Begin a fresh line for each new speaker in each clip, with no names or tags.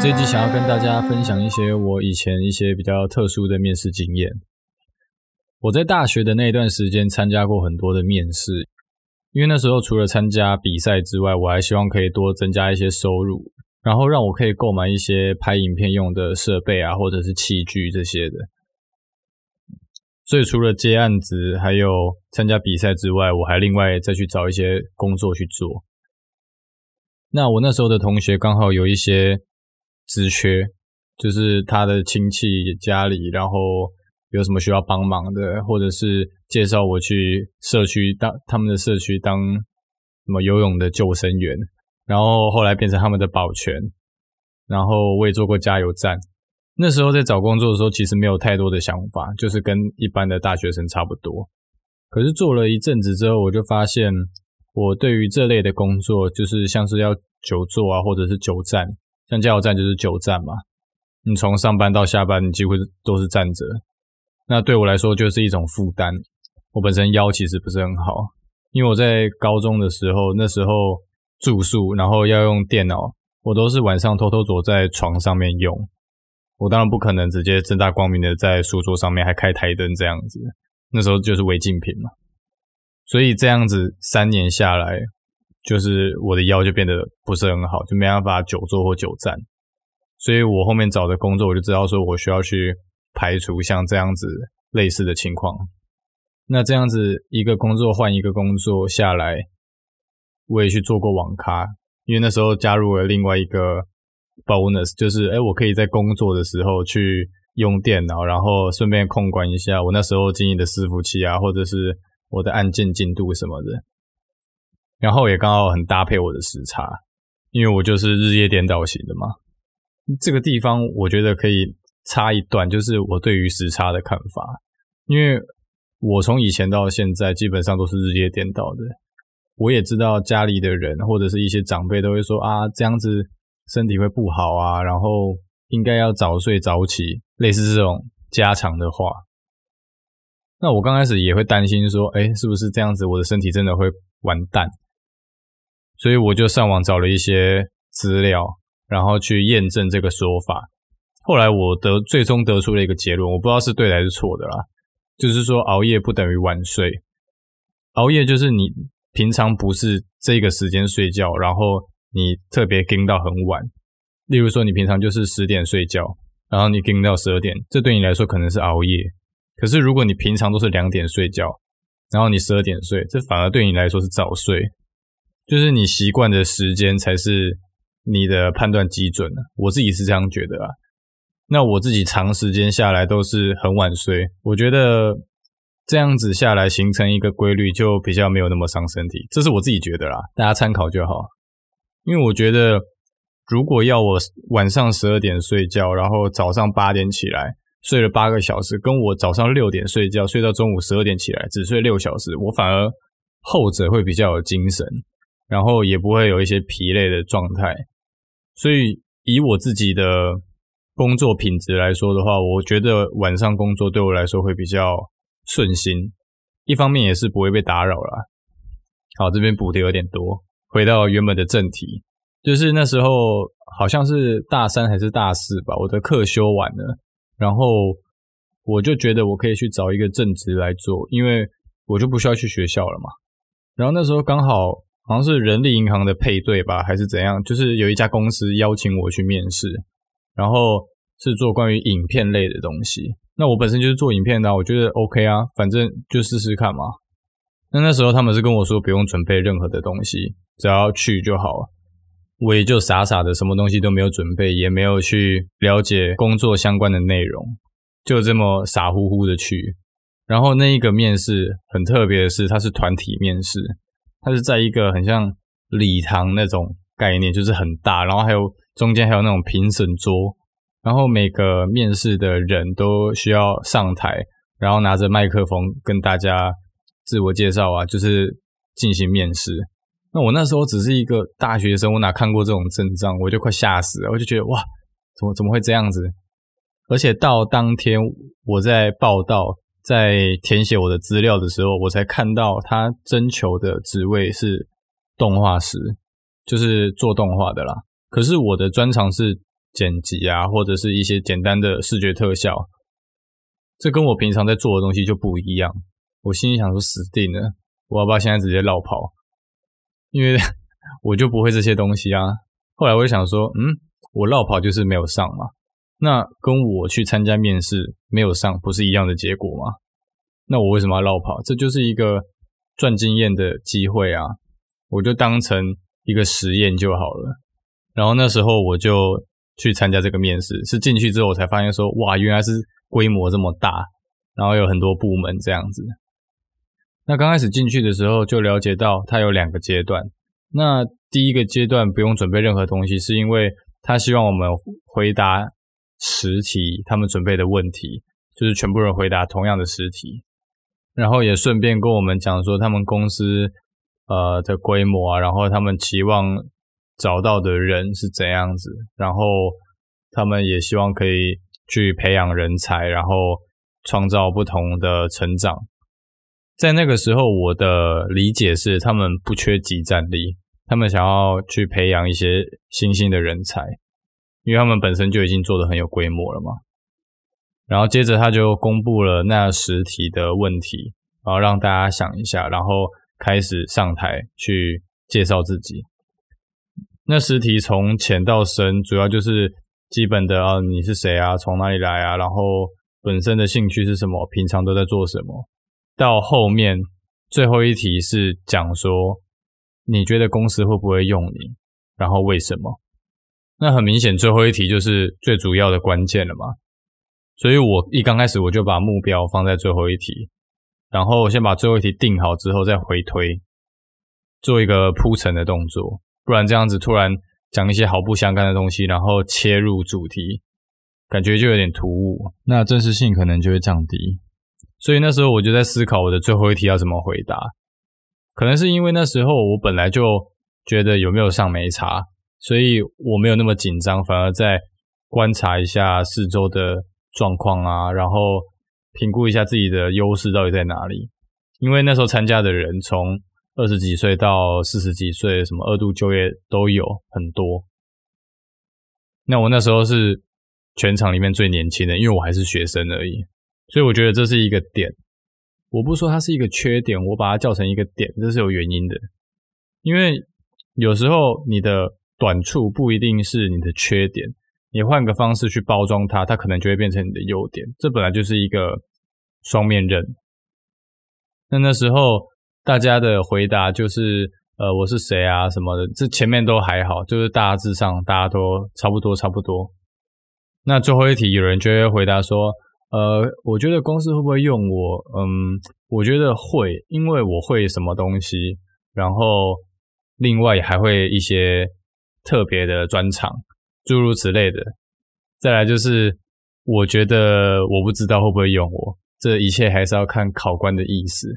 這集想要跟大家分享一些我以前一些比較特殊的面試經驗。我在大學的那一段時間參加過很多的面試，因為那時候除了參加比賽之外，我還希望可以多增加一些收入，然後讓我可以購買一些拍影片用的設備啊，或者是器具這些的。所以除了接案子、還有參加比賽之外，我還另外再去找一些工作去做。那我那時候的同學剛好有一些職缺，就是他的親戚家裡，然後有什麼需要幫忙的，或者是介紹我去社區當他們的社區當什麼游泳的救生員，然後後來變成他們的保全，然後我也做過加油站。那時候在找工作的時候，其實沒有太多的想法，就是跟一般的大學生差不多。可是做了一陣子之後，我就發現，我對於這類的工作，就是像是要久坐啊，或者是久站，像加油站就是久站嘛。你從上班到下班，你幾乎都是站着。那對我來說就是一種負擔。我本身腰其實不是很好，因為我在高中的時候，那時候住宿，然後要用電腦，我都是晚上偷偷躲在床上面用。我當然不可能直接正大光明的在書桌上面還開台燈這樣子，那時候就是違禁品嘛。所以這樣子三年下來，就是我的腰就變得不是很好，就沒辦法久坐或久站。所以我後面找的工作，我就知道說我需要去排除像這樣子類似的情況。那這樣子一個工作換一個工作下來，我也去做過網咖，因為那時候加入了另外一個。bonus 就是哎，我可以在工作的時候去用電腦，然後順便控管一下我那時候經營的伺服器啊，或者是我的案件進度什麼的。然後也剛好很搭配我的時差，因為我就是日夜顛倒型的嘛。這個地方我覺得可以插一段，就是我對於時差的看法，因為我從以前到現在基本上都是日夜顛倒的。我也知道家裡的人或者是一些長輩都會說啊，這樣子。身體會不好啊，然後應該要早睡早起，類似這種家常的話。那我剛開始也會擔心說，誒，是不是這樣子，我的身體真的會完蛋？所以我就上網找了一些資料，然後去驗證這個說法。後來我得最終得出了一個結論，我不知道是對還是錯的啦，就是說熬夜不等於晚睡，熬夜就是你平常不是這個時間睡覺，然後。你特別盯到很晚，例如說你平常就是十點睡覺，然後你盯到十二點，這對你來說可能是熬夜。可是如果你平常都是兩點睡覺，然後你十二點睡，這反而對你來說是早睡。就是你習慣的時間才是你的判斷基準。我自己是這樣覺得啊。那我自己長時間下來都是很晚睡，我覺得這樣子下來形成一個規律，就比較沒有那麼傷身體。這是我自己覺得啦，大家參考就好。因為我覺得，如果要我晚上十二點睡覺，然後早上八點起來，睡了八個小時，跟我早上六點睡覺，睡到中午十二點起來，只睡六小時，我反而後者會比較有精神，然後也不會有一些疲累的狀態。所以以我自己的工作品質來說的話，我覺得晚上工作對我來說會比較順心，一方面也是不會被打擾了。好，這邊補的有點多。回到原本的正題，就是那時候好像是大三還是大四吧，我的課修完了，然後我就覺得我可以去找一個正職來做，因為我就不需要去學校了嘛。然後那時候剛好好像是人力銀行的配對吧，還是怎樣，就是有一家公司邀請我去面試，然後是做關於影片類的東西。那我本身就是做影片的啊，我覺得 OK 啊，反正就試試看嘛。那那時候他們是跟我說不用準備任何的東西。只要去就好，我也就傻傻的，什麼東西都沒有準備，也沒有去了解工作相關的內容，就這麼傻乎乎的去。然後那一個面試很特別的是，它是團體面試，它是在一個很像禮堂那種概念，就是很大，然後還有中間還有那種評審桌，然後每個面試的人都需要上台，然後拿着麥克風跟大家自我介紹啊，就是進行面試。那我那時候只是一個大學生，我哪看過這種陣仗，我就快嚇死了。我就覺得哇，怎麼怎麼會這樣子？而且到當天我在報到，在填寫我的資料的時候，我才看到他徵求的職位是動畫師，就是做動畫的啦。可是我的專長是剪輯啊，或者是一些簡單的視覺特效，這跟我平常在做的東西就不一樣。我心裡想說死定了，我要不要現在直接落跑？因為我就不會這些東西啊。後來我就想說，嗯，我落跑就是沒有上嘛，那跟我去參加面試沒有上不是一樣的結果嗎？那我為什麼要落跑？這就是一個賺經驗的機會啊，我就當成一個實驗就好了。然後那時候我就去參加這個面試，是進去之後我才發現說，哇，原來是規模這麼大，然後有很多部門這樣子。那剛開始進去的時候就了解到，它有兩個階段。那第一個階段不用準備任何東西，是因為他希望我們回答十題，他們準備的問題，就是全部人回答同樣的十題。然後也順便跟我們講說，他們公司呃的規模啊，然後他們期望找到的人是怎樣子，然後他們也希望可以去培養人才，然後創造不同的成長。在那個時候，我的理解是，他們不缺即戰力，他們想要去培養一些新興的人才，因為他們本身就已經做得很有規模了嘛。然後接着他就公布了那十題的問題，然後讓大家想一下，然後開始上台去介紹自己。那十題從淺到深，主要就是基本的啊，你是誰啊，從哪裡來啊，然後本身的興趣是什麼，平常都在做什麼。到後面最後一題是講說，你覺得公司會不會用你？然後為什麼？那很明顯，最後一題就是最主要的關鍵了嘛。所以我一剛開始我就把目標放在最後一題，然後先把最後一題定好之後再回推，做一個鋪陳的動作。不然這樣子突然講一些毫不相干的東西，然後切入主題，感覺就有點突兀，那真實性可能就會降低。所以那時候我就在思考我的最後一題要怎麼回答，可能是因為那時候我本來就覺得有沒有上沒差，所以我沒有那麼緊張，反而在觀察一下四周的狀況啊，然後評估一下自己的優勢到底在哪裡。因為那時候參加的人從二十幾歲到四十幾歲，什麼二度就業都有很多。那我那時候是全場裡面最年輕的，因為我還是學生而已。所以我覺得這是一個點，我不說它是一個缺點，我把它叫成一個點，這是有原因的，因為有時候你的短處不一定是你的缺點，你換個方式去包裝它，它可能就會變成你的優點，這本來就是一個雙面刃。那那時候大家的回答就是，呃，我是誰啊什麼的，這前面都還好，就是大致上大家都差不多差不多。那最後一題，有人就會回答說，呃，我覺得公司會不會用我？嗯，我覺得會，因為我會什麼東西，然後另外還會一些特別的專長，諸如此類的。再來就是，我覺得我不知道會不會用我，這一切還是要看考官的意思。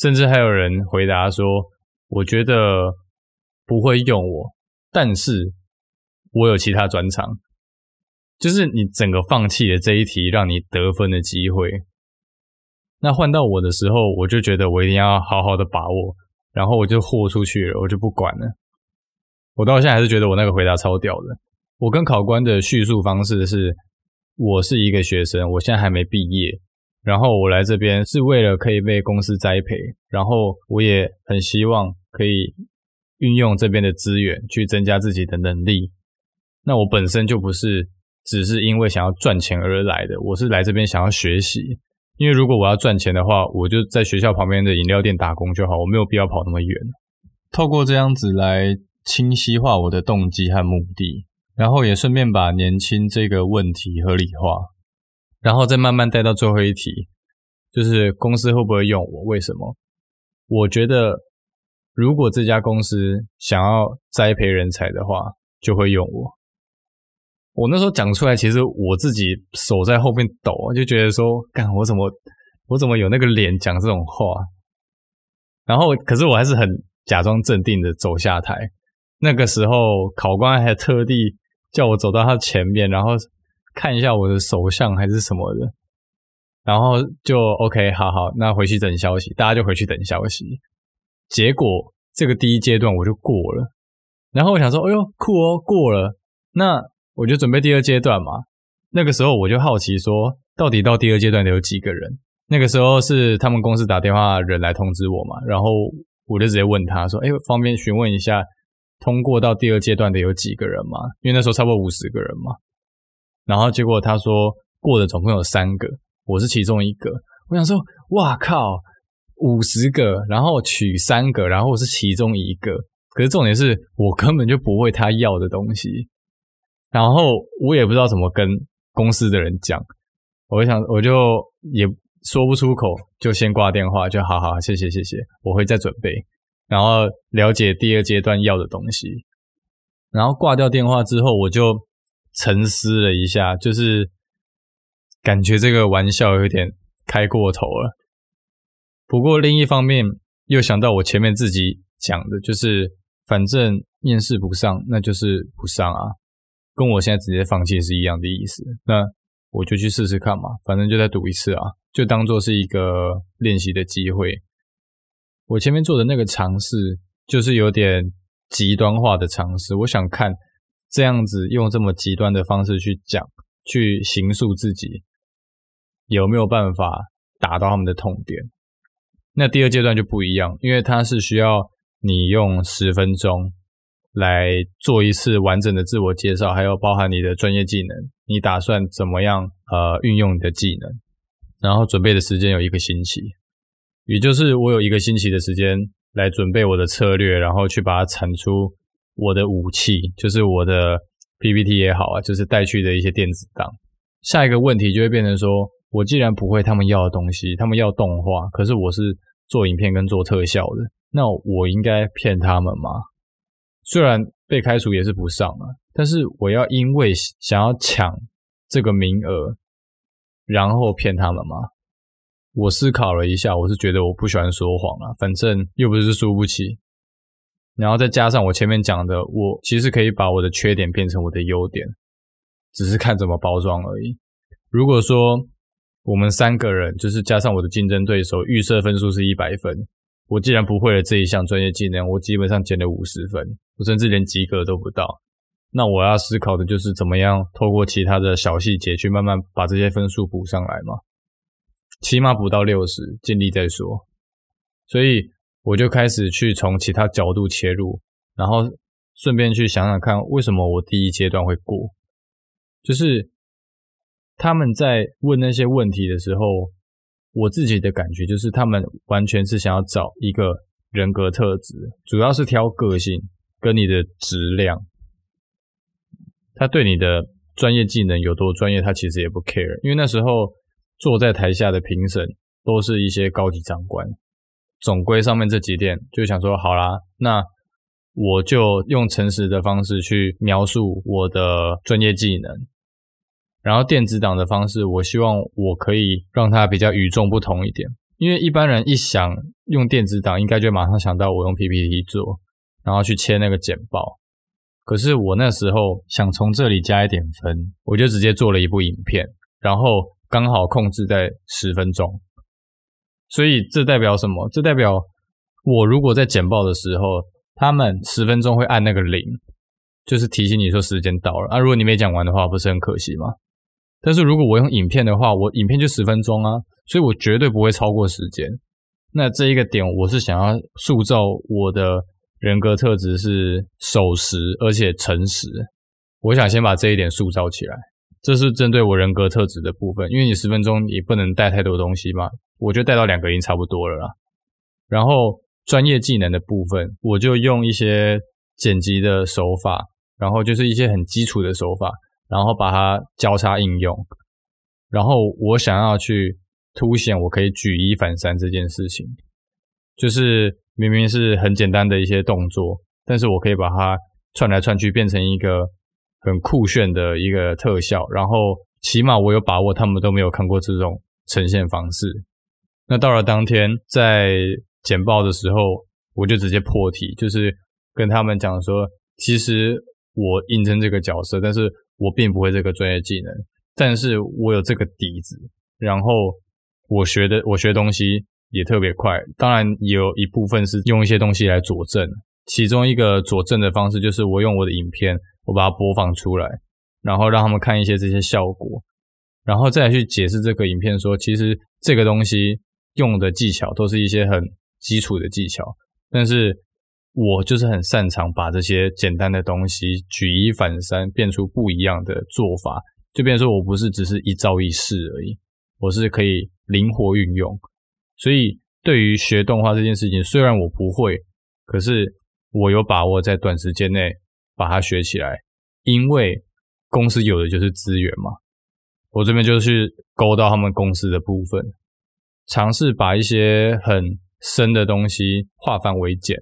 甚至還有人回答說，我覺得不會用我，但是我有其他專長。就是你整個放棄了這一題，讓你得分的機會，那換到我的時候，我就覺得我一定要好好的把握，然後我就豁出去了，我就不管了。我到現在還是覺得我那個回答超屌的。我跟考官的敘述方式是：我是一個學生，我現在還沒畢業，然後我來這邊是為了可以被公司栽培，然後我也很希望可以運用這邊的資源去增加自己的能力。那我本身就不是。只是因為想要賺錢而來的，我是來這邊想要學習。因為如果我要賺錢的話，我就在學校旁邊的飲料店打工就好，我沒有必要跑那麼遠。透過這樣子來清晰化我的動機和目的，然後也順便把年輕這個問題合理化，然後再慢慢帶到最後一題，就是公司會不會用我，為什麼？我覺得如果這家公司想要栽培人才的話，就會用我。我那時候講出來，其實我自己手在後面抖，就覺得說，幹，我怎麼我怎麼有那個臉講這種話？然後可是我還是很假裝鎮定的走下台。那個時候考官還特地叫我走到他前面，然後看一下我的手相還是什麼的，然後就 OK，好好，那回去等消息，大家就回去等消息。結果這個第一階段我就過了，然後我想說，哎呦，酷哦，過了，那。我就準備第二階段嘛，那個時候我就好奇說，到底到第二階段的有幾個人？那個時候是他們公司打電話人來通知我嘛，然後我就直接問他說：“哎、欸，方便詢問一下，通過到第二階段的有幾個人嗎？”因為那時候差不多五十個人嘛，然後結果他說，過的總共有三個，我是其中一個。我想說，哇靠，五十個，然後取三個，然後我是其中一個。可是重點是我根本就不會他要的東西。然後我也不知道怎麼跟公司的人講，我想我就也說不出口，就先掛電話，就好好謝謝謝謝，我會再準備，然後了解第二階段要的東西。然後掛掉電話之後，我就沉思了一下，就是感覺這個玩笑有點開過頭了。不過另一方面，又想到我前面自己講的，就是反正面試不上，那就是不上啊。跟我現在直接放棄是一樣的意思，那我就去試試看嘛，反正就再賭一次啊，就當做是一個練習的機會。我前面做的那個嘗試，就是有點極端化的嘗試，我想看這樣子用這麼極端的方式去講，去形塑自己，有沒有辦法達到他們的痛點？那第二階段就不一樣，因為它是需要你用十分鐘。來做一次完整的自我介紹，還有包含你的專業技能，你打算怎麼樣？呃，運用你的技能，然後準備的時間有一個星期，也就是我有一個星期的時間來準備我的策略，然後去把它產出我的武器，就是我的 PPT 也好啊，就是帶去的一些電子檔。下一個問題就會變成說，我既然不會他們要的東西，他們要動畫，可是我是做影片跟做特效的，那我應該騙他們嗎？雖然被開除也是不上啊，但是我要因為想要搶這個名額，然後騙他們嗎？我思考了一下，我是覺得我不喜歡說謊啊，反正又不是輸不起。然後再加上我前面講的，我其實可以把我的缺點變成我的優點，只是看怎麼包裝而已。如果說我們三個人，就是加上我的競爭對手，預設分數是一百分，我既然不會了這一項專業技能，我基本上減了五十分。甚至連及格都不到，那我要思考的就是怎麼樣透過其他的小細節去慢慢把這些分數補上來嘛，起碼補到六十，盡力再說。所以我就開始去從其他角度切入，然後順便去想想看為什麼我第一階段會過，就是他們在問那些問題的時候，我自己的感覺就是他們完全是想要找一個人格特質，主要是挑個性。跟你的質量，他對你的專業技能有多專業，他其實也不 care，因為那時候坐在台下的評審都是一些高級長官，總歸上面這幾點，就想說好啦，那我就用誠實的方式去描述我的專業技能，然後電子檔的方式，我希望我可以讓他比較與眾不同一點，因為一般人一想用電子檔，應該就馬上想到我用 PPT 做。然後去切那個簡報，可是我那時候想從這裡加一點分，我就直接做了一部影片，然後剛好控制在十分鐘。所以這代表什麼？這代表我如果在簡報的時候，他們十分鐘會按那個鈴，就是提醒你說時間到了啊。如果你沒講完的話，不是很可惜嗎？但是如果我用影片的話，我影片就十分鐘啊，所以我絕對不會超過時間。那這一個點，我是想要塑造我的。人格特質是守時而且誠實，我想先把這一點塑造起來，這是針對我人格特質的部分。因為你十分鐘也不能帶太多東西嘛，我就帶到兩個已經差不多了啦。然後專業技能的部分，我就用一些剪輯的手法，然後就是一些很基礎的手法，然後把它交叉應用。然後我想要去凸顯我可以舉一反三這件事情，就是。明明是很簡單的一些動作，但是我可以把它串來串去，變成一個很酷炫的一個特效。然後，起碼我有把握，他們都沒有看過這種呈現方式。那到了當天在簡報的時候，我就直接破題，就是跟他們講說，其實我應徵這個角色，但是我並不會這個專業技能，但是我有這個底子，然後我學的我學東西。也特別快，當然有一部分是用一些東西來佐證。其中一個佐證的方式就是我用我的影片，我把它播放出來，然後讓他們看一些這些效果，然後再來去解釋這個影片說，說其實這個東西用的技巧都是一些很基礎的技巧，但是我就是很擅長把這些簡單的東西舉一反三，變出不一樣的做法，就變成說我不是只是一招一式而已，我是可以靈活運用。所以，對於學動畫這件事情，雖然我不會，可是我有把握在短時間內把它學起來。因為公司有的就是資源嘛，我這邊就是去勾到他們公司的部分，嘗試把一些很深的東西化繁為簡，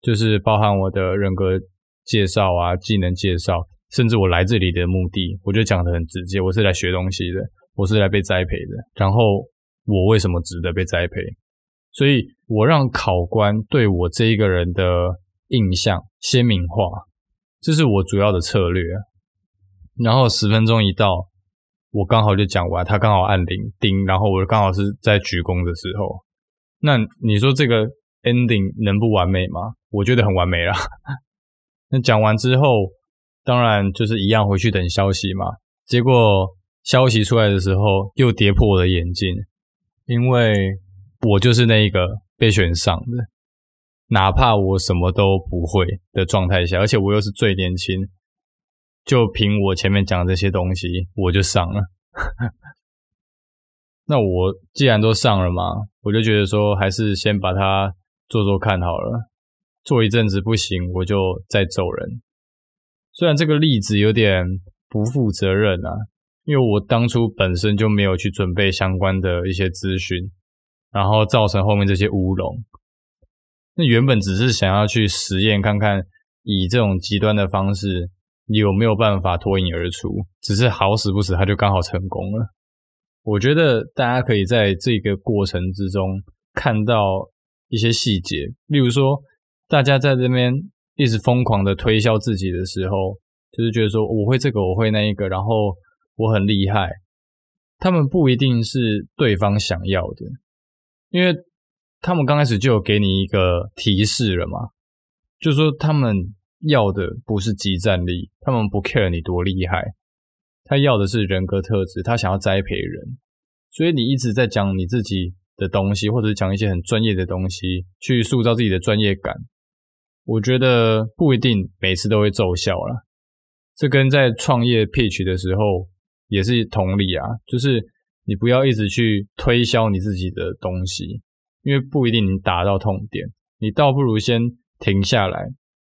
就是包含我的人格介紹啊、技能介紹，甚至我來這裡的目的，我就講得很直接，我是來學東西的，我是來被栽培的，然後。我為什麼值得被栽培？所以我讓考官對我這一個人的印象鮮明化，這是我主要的策略。然後十分鐘一到，我剛好就講完，他剛好按鈴，叮，然後我剛好是在鞠躬的時候。那你說這個 ending 能不完美嗎？我覺得很完美啦。 那講完之後，當然就是一樣回去等消息嘛。結果消息出來的時候，又跌破我的眼鏡。因為我就是那一個被選上的，哪怕我什麼都不會的狀態下，而且我又是最年輕，就憑我前面講的這些東西，我就上了。 那我既然都上了嘛，我就覺得說，還是先把它做做看好了，做一陣子不行，我就再走人。雖然這個例子有點不負責任啊。因為我當初本身就沒有去準備相關的一些資訊，然後造成後面這些烏龍。那原本只是想要去實驗看看，以這種極端的方式有沒有辦法脫穎而出，只是好死不死他就剛好成功了。我覺得大家可以在這個過程之中看到一些細節，例如說大家在這邊一直瘋狂的推銷自己的時候，就是覺得說我會這個，我會那一個，然後。我很厲害，他們不一定是對方想要的，因為他們剛開始就有給你一個提示了嘛，就是說他們要的不是即戰力，他們不 care 你多厲害，他要的是人格特質，他想要栽培人，所以你一直在講你自己的東西，或者是講一些很專業的東西去塑造自己的專業感，我覺得不一定每次都會奏效啦。這跟在創業 pitch 的時候，也是同理啊，就是你不要一直去推銷你自己的東西，因為不一定能達到痛點，你倒不如先停下來，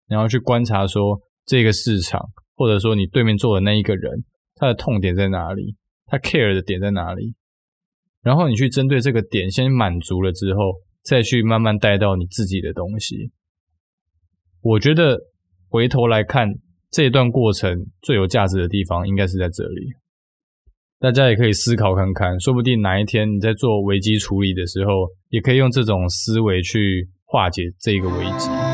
然後去觀察說這個市場，或者說你對面坐的那一個人，他的痛點在哪裡，他 care 的點在哪裡，然後你去針對這個點先滿足了之後，再去慢慢帶到你自己的東西。我覺得回頭來看這一段過程最有價值的地方，應該是在這裡。大家也可以思考看看，說不定哪一天你在做危機處理的時候，也可以用這種思維去化解這個危機。